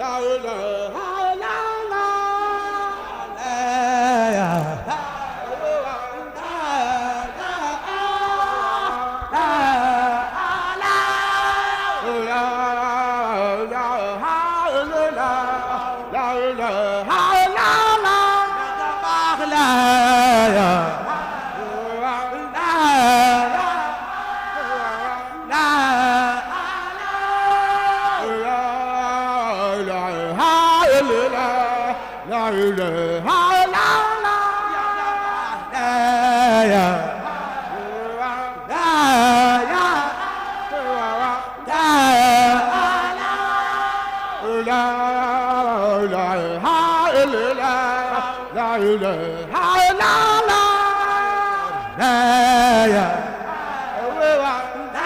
la la la la la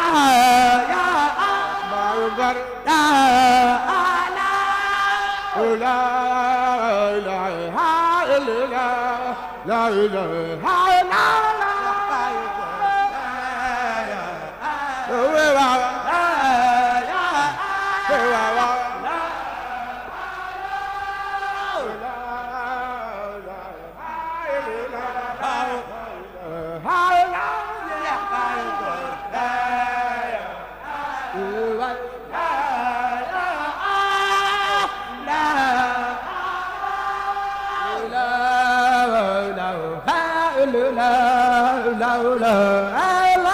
la la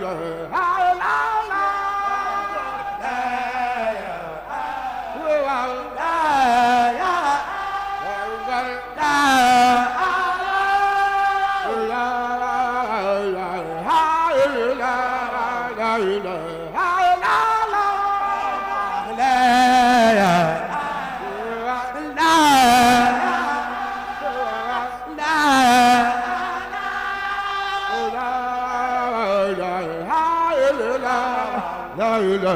la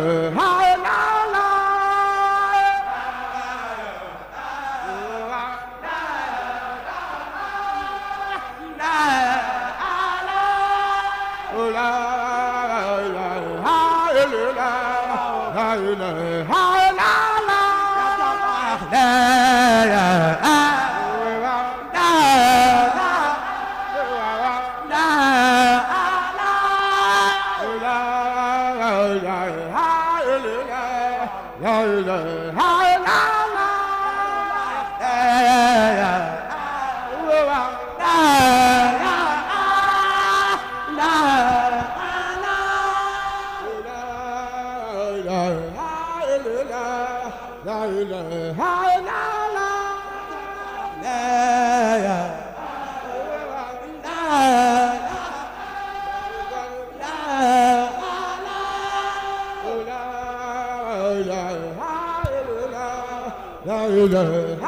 la la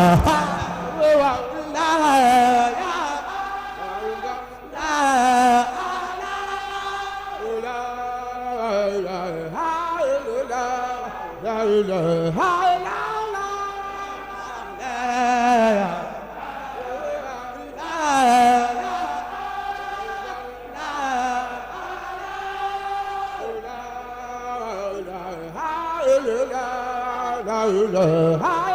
لا إله إلا لا إله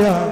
ya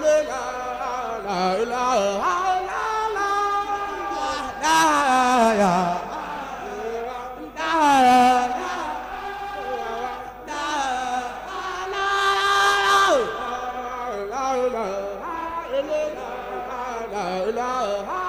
la la